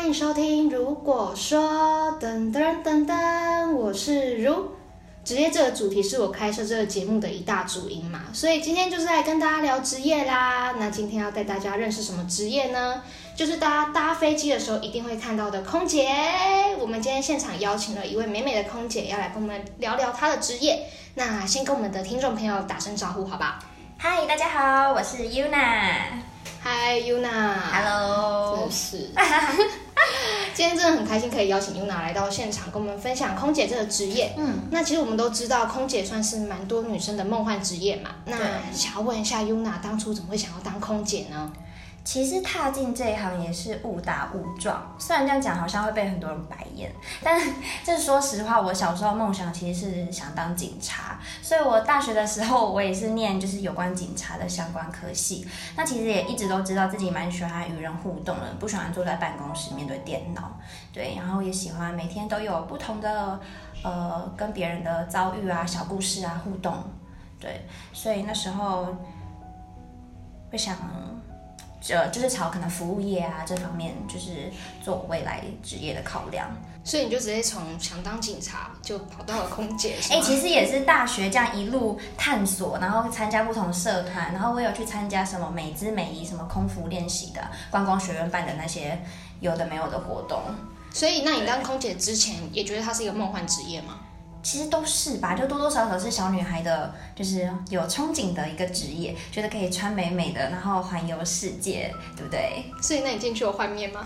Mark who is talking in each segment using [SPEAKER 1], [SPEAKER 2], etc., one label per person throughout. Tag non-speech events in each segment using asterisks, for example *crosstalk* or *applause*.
[SPEAKER 1] 歡迎收聽。汝果說噔噔噔噔，我是汝。職業這個主題是我開設這個節目的一大主因嘛，所以今天就是來跟大家聊職業啦。那今天要帶大家認識什麼職業呢？就是大家搭飛機的時候一定會看到的空姐。我們今天現場邀請了一位美美的空姐要來跟我們聊聊她的職業。那先跟我們的聽眾朋友打聲招呼，好吧？嗨，
[SPEAKER 2] 大家好，我是 Yuna。
[SPEAKER 1] 嗨，Yuna。Hello。真是。 *laughs* 今天真的很開心，可以邀請 Yuna 來到現場，跟我們分享空姐這個職業。嗯，那其實我們都知道，空姐算是蠻多女生的夢幻職業嘛。那想要問一下 Yuna，當初怎麼會想要當空姐呢？其實踏進這一行也是誤打
[SPEAKER 2] 誤撞，雖然這樣講好像會被很多人白眼，但這說實話，我小時候的夢想其實是想當警察，所以我大學的時候我也是念就是有關警察的相關科系。那其實也一直都知道自己蠻喜歡與人互動的，不喜歡坐在辦公室面對電腦，對，然後也喜歡每天都有不同的呃跟別人的遭遇啊、小故事啊互動，對，所以那時候會想。就就是朝可能服務業啊這方面，就是做未來職業的考量。
[SPEAKER 1] 所以你就直接從想當警察就跑到了空姐？哎、欸，其實也
[SPEAKER 2] 是大學這樣一路探索，然後參加不同社團，然後我有去參加什麼美姿美儀、什麼空服練習的觀光學院辦的那些
[SPEAKER 1] 有的沒有的活動。所以，那你當空姐
[SPEAKER 2] 之前也覺得它是一個夢幻職業嗎？其實都是吧，就多多少少是小女孩的，就是有憧憬的一個職業，覺得可以穿美美的，然後環遊世界，對不對？
[SPEAKER 1] 所以那你進去有幻滅嗎？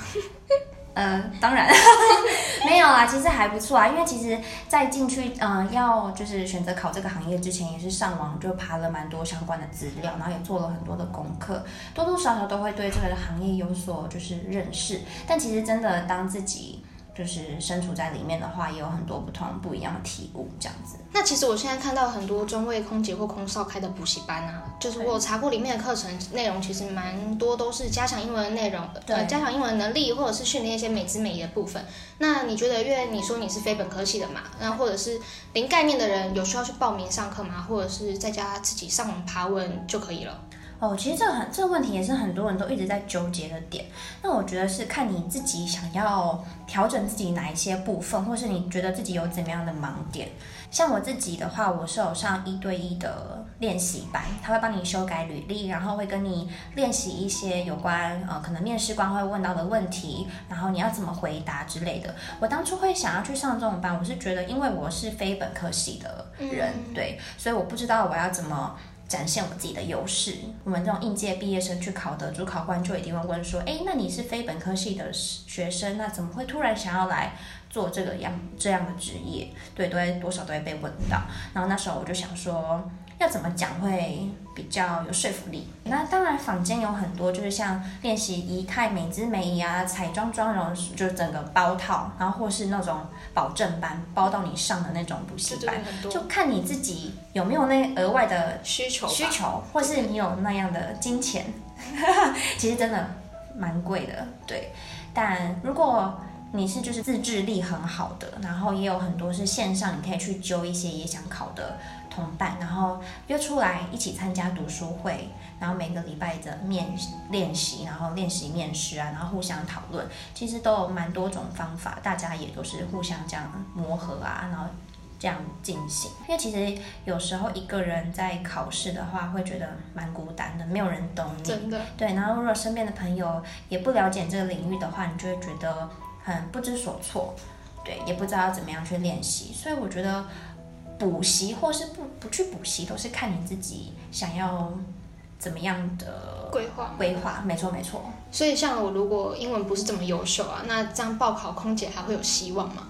[SPEAKER 1] 嗯 *laughs* 、
[SPEAKER 2] 呃、當
[SPEAKER 1] 然 *laughs* 沒有啦，其實還不錯啊。因為其實在進去，
[SPEAKER 2] 嗯、呃，要就是選擇考這個行業之前，也是上網就爬了蠻多相關的資料，然後也做了很多的功課，多多少少都會對這個行業有所就是認識。但其實真的當自己。就是身處在裡面的話，也有很多不同不一樣的體
[SPEAKER 1] 悟，這樣子。那其實我現在看到很多中為空姐或空少開的補習班啊，就是我查過裡面的課程內容，其實蠻多都是加強英文內容的對，呃，加強英文能力，或者是訓練一些美姿美儀的部分。那你覺得，因為你說你是非本科系的嘛，那或者是零概念的人，有需要去報名上課嗎？或者是在家自己上網爬文就可以了？哦，其實這個很，這個問題也是很多人都一直在糾結的點。那我覺得是看你
[SPEAKER 2] 自己想要調整自己哪一些部分，或是你覺得自己有怎麼樣的盲點。像我自己的話，我是有上一對一的練習班，他會幫你修改履歷，然後會跟你練習一些有關呃可能面試官會問到的問題，然後你要怎麼回答之類的。我當初會想要去上這種班，我是覺得因為我是非本科系的人，嗯，對，所以我不知道我要怎麼。展現我自己的優勢。我們這種應屆畢業生去考的，主考官就一定會問說：“誒，那你是非本科系的學生，那怎麼會突然想要來做這個樣這樣的職業？”對，都會多少都會被問到。然後那時候我就想說。要怎麼講會比較有說服力？那當然，坊間有很多，就是像練習儀態、美姿美儀、啊、彩妝妝容，就是整個包套，然後或是那種保證班，包到你上的那種補習班，就，就看你自己有沒有那額外的需求，需求，或是你有那樣的金錢， *laughs* 其實真的蠻貴的，對。但如果你是就是自製力很好的，然後也有很多是線上，你可以去揪一些也想考的同伴，然後約出來一起參加讀書會，然後每個禮拜的面練習，然後練習面試啊，然後互相討論，其實都有蠻多種方法，大家也都是互相這樣磨合啊，然後這樣進行。因為其實有時候一個人在考試的話，會覺得蠻孤單的，沒有人懂你。真的。對，然後如果身邊的朋友也不了解這個領域的話，你就會覺得。很、嗯、不知所措，對，也不知道要怎麼樣去練習，所以我覺得補習或是不不去補習，都是看你自己想要
[SPEAKER 1] 怎麼樣的規劃。規劃，沒錯沒錯。所以像我如果英文不是這麼優秀啊，那這樣報考空姐還會有希望嗎？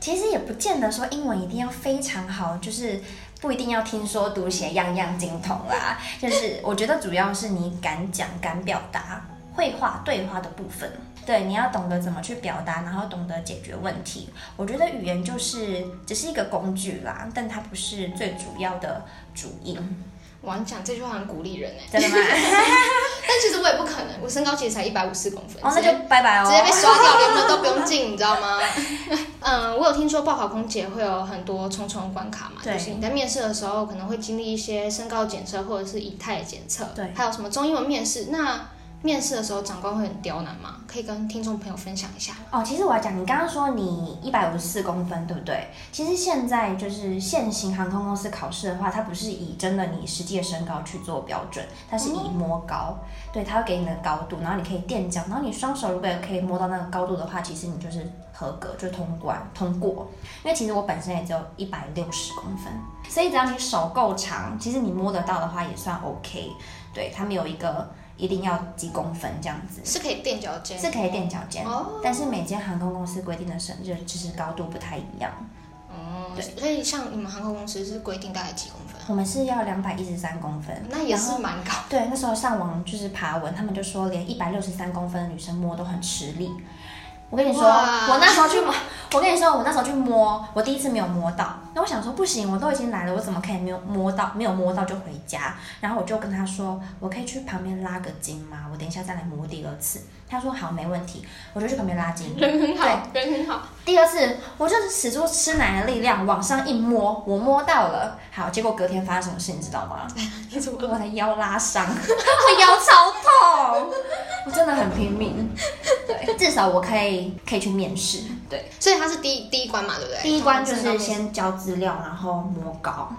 [SPEAKER 1] 其實也不見得說英文一定要
[SPEAKER 2] 非常好，就是不一定要聽說讀寫樣樣精通啦、啊。就是我覺得主要是你敢講敢表達，會話對話的部分。對，你要懂得怎麼去表達，然後懂得解決問題。我覺得語言就是只是一個工具啦，但它不是最主要的主因。我、嗯、跟你講，這句話很鼓勵人
[SPEAKER 1] 哎，真的嗎？ *laughs* *laughs* 但其實我也不可能，我身高其實才一百五十公分、哦。那就拜拜哦，直接被刷掉，連 *laughs* 門都不用進， *laughs* 你知道嗎？ *laughs* 嗯，我有聽說報考空姐會有很多重重關卡嘛對，就是你在面試的時候可能會經歷一些身高檢測，或者是儀態檢測，對，還有什麼中英文面試。那面試的時候，長官會很刁難嗎？可以跟聽眾朋友分享一下
[SPEAKER 2] 嗎？哦，其實我要講，你剛剛說你一百五十四公分，對不對？其實現在就是現行航空公司考試的話，它不是以真的你實際的身高去做標準，它是以摸高、嗯。對，它會給你的高度，然後你可以墊腳，然後你雙手如果可以摸到那個高度的話，其實你就是合格，就通關通過。因為其實我本身也只有一百六十公分，所以只要你手夠長，其實你摸得到的話也算 OK 對。對它沒有一個。一定要幾公分這樣子，是可以
[SPEAKER 1] 踮腳尖，是可以踮腳
[SPEAKER 2] 尖、哦，但是每間航空公司規定的身，就是高度不太一樣、哦。對，所
[SPEAKER 1] 以像你們航空公司是規定大概幾公
[SPEAKER 2] 分？我們是要兩百一十三公分，那也是蠻高的。對，那時候上網就是爬文，他們就說，連一百六十三公分的女生摸都很吃力。
[SPEAKER 1] 我跟你說，我那時候去
[SPEAKER 2] 摸，我跟你說，我那時候去摸，我第一次沒有摸到。然後我想說不行，我都已經來了，我怎麼可以沒有摸到、沒有摸到就回家？然後我就跟他說，我可以去旁邊拉個筋嗎？我等一下再來摸第二次。他說好，沒問題，我就去旁邊拉筋。人很好，人很好。第二次，我就是使出吃奶奶的力量往上一摸，我摸到了。好，結果隔天發生什麼事你知道嗎？就 *laughs* 是我把他的腰拉傷， *laughs* *laughs* 我腰超痛，我真的很拼命。對，至少我可以可以去面試。對，所以它是第一第一關嘛，對不對？第一關就是先交資料，然後摸高，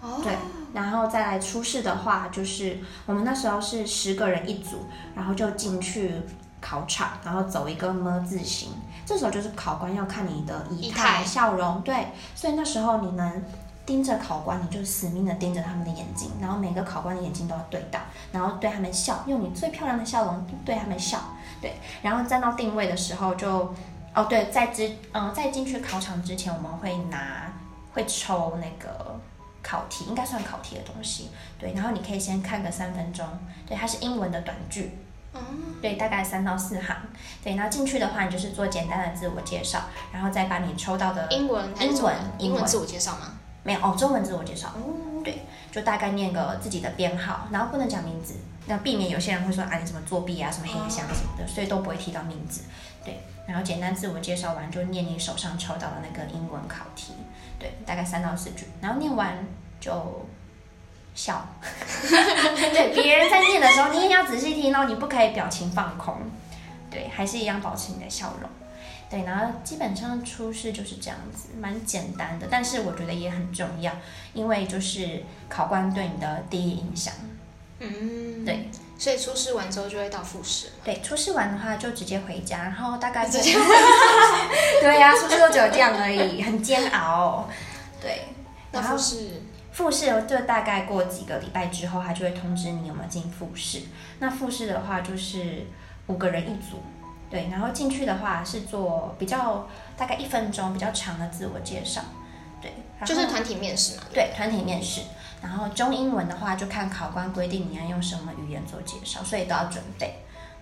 [SPEAKER 2] 哦，對，然後再來初試的話，就是我們那時候是十個人一組，然後就進去考場，然後走一個模字形，這時候就是考官要看你的儀態、笑容，對。所以那時候你能盯着考官，你就死命的盯着他們的眼睛，然後每個考官的眼睛都要對到，然後對他們笑，用你最漂亮的笑容對他們笑，對。然後站到定位的時候就。哦、oh,，對，在之，嗯，在進去考場之前，我們會拿，會抽那個考題，應該算考題的東西，對，然後你可以先看個三分鐘，對，它是英文的短句，
[SPEAKER 1] 嗯，
[SPEAKER 2] 對，大概三到四行，對，然後進去的話，你就是做簡單的自我介紹，然後再把你抽到的英文，英文，英文字我介紹嗎？沒有，哦，中文字我介紹，嗯，對，就大概念個自己的編號，然後不能講名字，那避免有些人會說啊你什麼作弊啊什麼影箱什麼的、嗯，所以都不會提到名字，對。然後簡單自我介紹完，就念你手上抽到的那個英文考題，對，大概三到四句。然後念完就笑，
[SPEAKER 1] *laughs* *laughs*
[SPEAKER 2] 對，別人在念的時候，你也要仔細聽哦，你不可以表情放空，對，還是一樣保持你的笑容，對。然後基本上初試就是這樣子，蠻簡單的，但是我覺得也很重要，因為就是考官對你的第一印象，嗯，對。所以初試完之後就會到複試。對，初試完的話就直接回家，然後大概直接。 *laughs* *laughs* 對呀、啊，初試都只有這樣而已，很煎熬、哦。對，
[SPEAKER 1] 然後是
[SPEAKER 2] 複試就大概過幾個禮拜之後，他就會通知你有沒有進複試。那複試的話就是五個人一組，對，然後進去的話是做比較大概一分鐘比較長的自我介紹，對，就是團體面試嘛。對，團、嗯、體面試。然後中英文的話，就看考官規定你要用什麼語言做介紹，所以都要準備。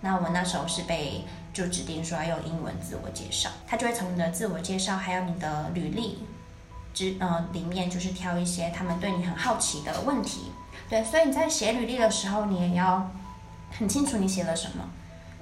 [SPEAKER 2] 那我那時候是被就指定說要用英文自我介紹，他就會從你的自我介紹還有你的履歷之呃裡面，就是挑一些他們對你很好奇的問題。對，所以你在寫履歷的時候，你也要很清楚你寫了什麼。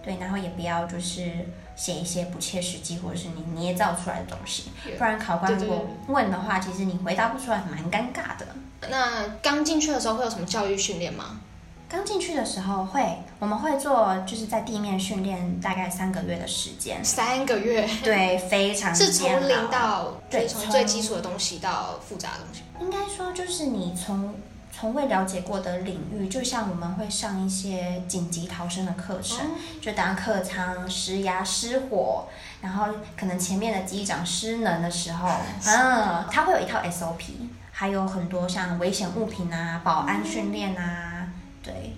[SPEAKER 2] 對，然後也不要就是寫一些不切實際或者是你捏造出來的東西，yeah, 不然考官如果問的話，其實你回答不出來，蠻尷尬的。
[SPEAKER 1] 那剛進去的時候會有什麼教育訓練嗎？剛
[SPEAKER 2] 進去的時候會，我們會做就是在地面訓練，大概三個月的時
[SPEAKER 1] 間。三個月？對，非常 *laughs* 是從零到對，從最基礎的東西到複雜的東
[SPEAKER 2] 西，應該說就是你從。從未了解過的領域，就像我們會上一些緊急逃生的課程，嗯、就當客艙失壓失火、然後可能前面的機長失能的時候，嗯、哦，他、啊、會有一套 SOP，還有很多像危險物品啊、保安訓練啊。嗯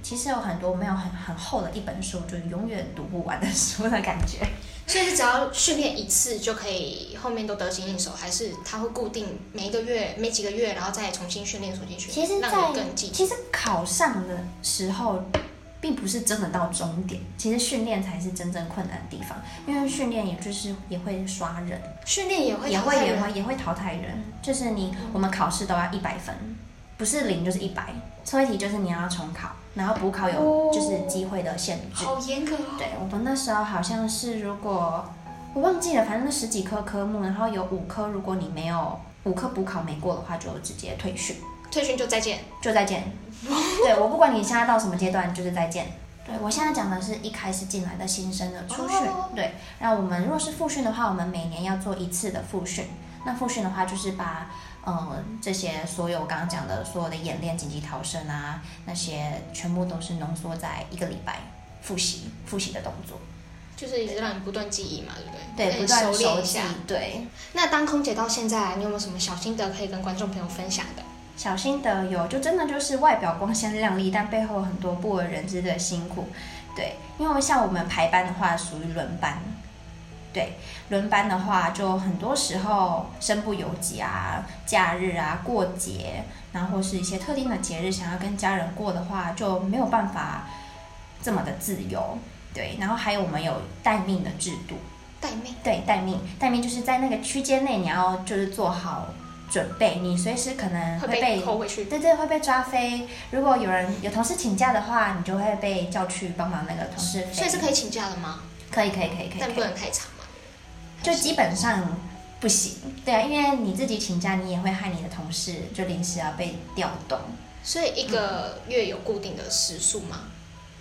[SPEAKER 2] 其實有很多沒有很很厚的一本書，就永遠讀不完的書的感覺。
[SPEAKER 1] 所以是只要訓練一次就可以，後面都得心應手，還是它會固定每一個月、每幾個月，然後再重新訓練重新學，其實你更
[SPEAKER 2] 進。其實考上的時候並不是真的到終點，其實訓練才是真正困難的地方，因為訓練也就是也會刷人，
[SPEAKER 1] 訓練也會也會也會也
[SPEAKER 2] 會淘汰人，就是你、嗯、我們考試都要一百分。不是零就是一百，錯一題就是你要重考，然後補考有就是機會的限制。哦、好嚴格。對，我們那時候好像是如果我忘記了，反正那十幾科科目，然後有五科如果你沒有五科補考沒過的話，就直接退訓，退訓就再見，就再見。 *laughs* 對，我不管你現在到什麼階段，就是再見。對，我現在講的是一開始進來的新生的初訓、哦，對。那我們如果是複訓的話，我們每年要做一次的複訓。那複訓的話就是把。呃、嗯，這些所有我剛剛講的所有的演練、緊急逃生啊，那些全部都是濃縮在一個禮拜複習、複習的動作，
[SPEAKER 1] 就是一直讓你不斷記憶嘛，對不對？對，熟不斷練習。對。那當空姐到現在，你有沒有什麼小心得可以跟觀眾朋友分享的？小心得有，就真的就是外表光鮮亮麗，但背後很多
[SPEAKER 2] 不為人知的辛苦。對，因為像我們排班的話，屬於輪班。對，輪班的話，就很多時候身不由己啊，假日啊，過節，然後是一些特定的節日，想要跟家人過的話，就沒有辦法這麼的自由。對，然後還有我們有待命的制度，待命，對，待命，待命就是在那個區間內，你要就是做好準備，你隨時可能會被，會被扣回去，對對，會被抓飛。如果有人有同事請假的話，你就會被叫去幫忙那個同事，所以是可以請假的嗎？可以可以可以可以，但不能太長。就基本上不行，對啊，因為你自己請假，你也會害你的同事就臨時要被調動。
[SPEAKER 1] 所以一個月有固定的時數嗎？嗯，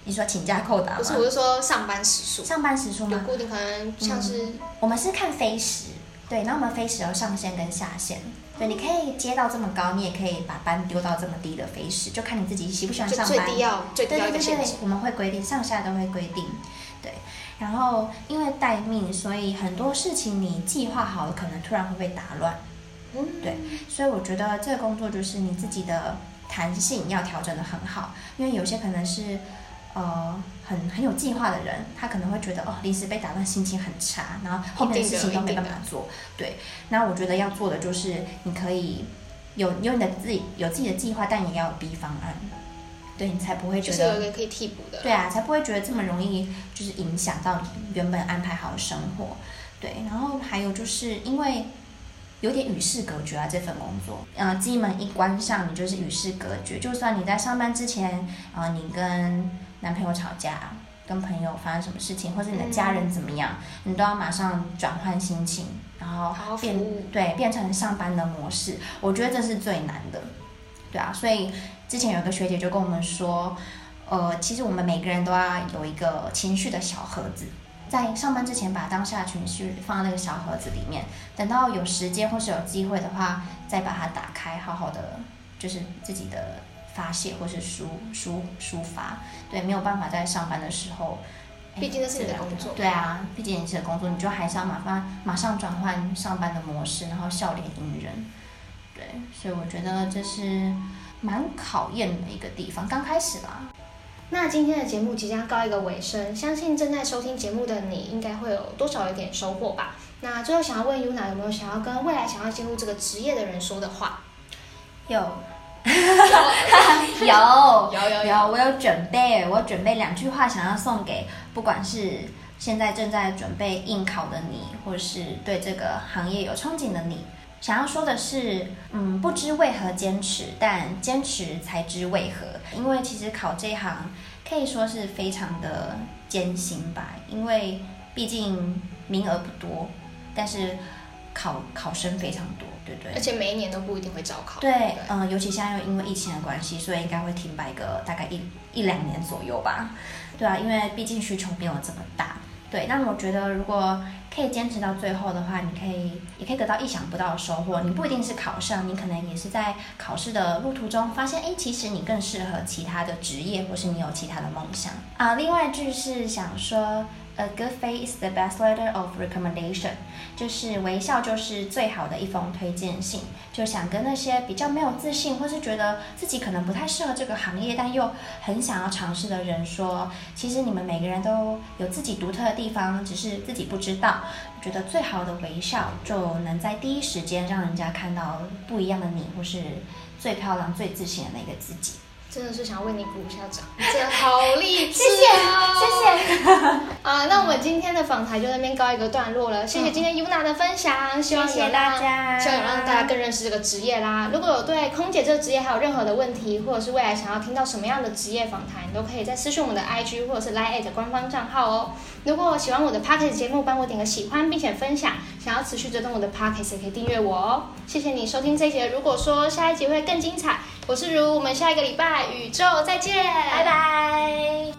[SPEAKER 2] 你說請假扣打？不是，我是說
[SPEAKER 1] 上班時數。上班時數嗎？有固定，可能像是，
[SPEAKER 2] 嗯，我們是看飛時，對，然後我們飛時有上限跟下限，嗯，對，你可以接到這麼高，你也可以把班丟到這麼低的飛時，就看你自己喜不喜歡上班。最低要，對對對對，我們會規定上下都會規定。然後因為待命，所以很多事情你計劃好了，可能突然會被打亂。嗯，對。所以我覺得這個工作就是你自己的彈性要調整得很好，因為有些可能是呃很很有計劃的人，他可能會覺得哦臨時被打亂，心情很差，然後後面的事情都沒辦法做。對。那我覺得要做的就是你可以有有你的自己有自己的計劃，但也要有 B 方案。對你才不會覺得就是有一個可以替補的對啊，才不會覺得這麼容易就是影響到原本安排好的生活、嗯。對，然後還有就是因為有點與世隔絕啊，這份工作，嗯、呃，機門一關上，你就是與世隔絕。就算你在上班之前啊、呃，你跟男朋友吵架，跟朋友發生什麼事情，或是你的家人怎麼樣，嗯、你都要馬上轉換心情，然後變然後對變成上班的模式。我覺得這是最難的，對啊，所以。之前有個學姐就跟我們說，呃，其實我們每個人都要有一個情緒的小盒子，在上班之前把當下的情緒放在那個小盒子裡面，等到有時間或是有機會的話，再把它打開，好好的就是自己的發洩或是抒抒抒發。對，沒有辦法在上班的時候，畢竟是你的工作。對啊，畢竟是你的工作，你就還是要馬上馬上轉換上班的模式，然後笑臉迎人。對，
[SPEAKER 1] 所以我覺得這是。蠻考驗的一個地方，剛開始啦。那今天的節目即將告一個尾聲，相信正在收聽節目的你應該會有多少有點收穫吧。那最後想要問 Yuna，有沒有想要跟未來想要進入這個職業的人說的話？有， *laughs* 有, *laughs* 有，有，有，有，有，我有準
[SPEAKER 2] 備，我準備兩句話想要送給不管是現在正在準備應考的你，或是對這個行業有憧憬的你。想要說的是，嗯，不知為何堅持，但堅持才知為何。因為其實考這一行可以說是非常的艱辛吧，因為畢竟名額不多，但是考考生非常多，對不對？而且
[SPEAKER 1] 每一年都不一定會招考。對，
[SPEAKER 2] 嗯、呃，尤其現在又因為疫情的關係，所以應該會停擺個大概一、一兩年左右吧。對啊，因為畢竟需求沒有這麼大。對，那我覺得如果可以堅持到最後的話，你可以也可以得到意想不到的收穫。你不一定是考上，你可能也是在考試的路途中發現，哎，其實你更適合其他的職業，或是你有其他的夢想啊。另外一句是想說。A good face is the best letter of recommendation，就是微笑就是最好的一封推薦信。就想跟那些比較沒有自信，或是覺得自己可能不太適合這個行業，但又很想要嘗試的人說，其實你們每個人都有自己獨特的地方，只是自己不知道。覺得最好的微笑，就能在第一時間讓人家看到不一樣的你，
[SPEAKER 1] 或是最漂亮、最自信的那個自己。真的是想為你鼓一下掌，真的好勵志，哦！ *laughs* 謝謝，謝謝啊！那我們今天的訪談就在那邊告一個段落了。嗯、謝謝今天 Yuna 的分享，嗯、希望你家，大家！希望讓大，大家更認識這個職業啦。如果有對空姐這個職業還有任何的問題，或者是未來想要聽到什麼樣的職業訪談，你都可以在私訊我們的 IG 或者是 Line@ 官方賬號哦。如果喜歡我的 Podcast 節目，幫我點個喜歡，並且分享，想要持續追蹤我的 Podcast 也可以訂閱我哦。謝謝你收聽這一集，如果說下一集會更精彩。我是汝，我們下一個禮拜宇宙再見，拜拜。拜拜。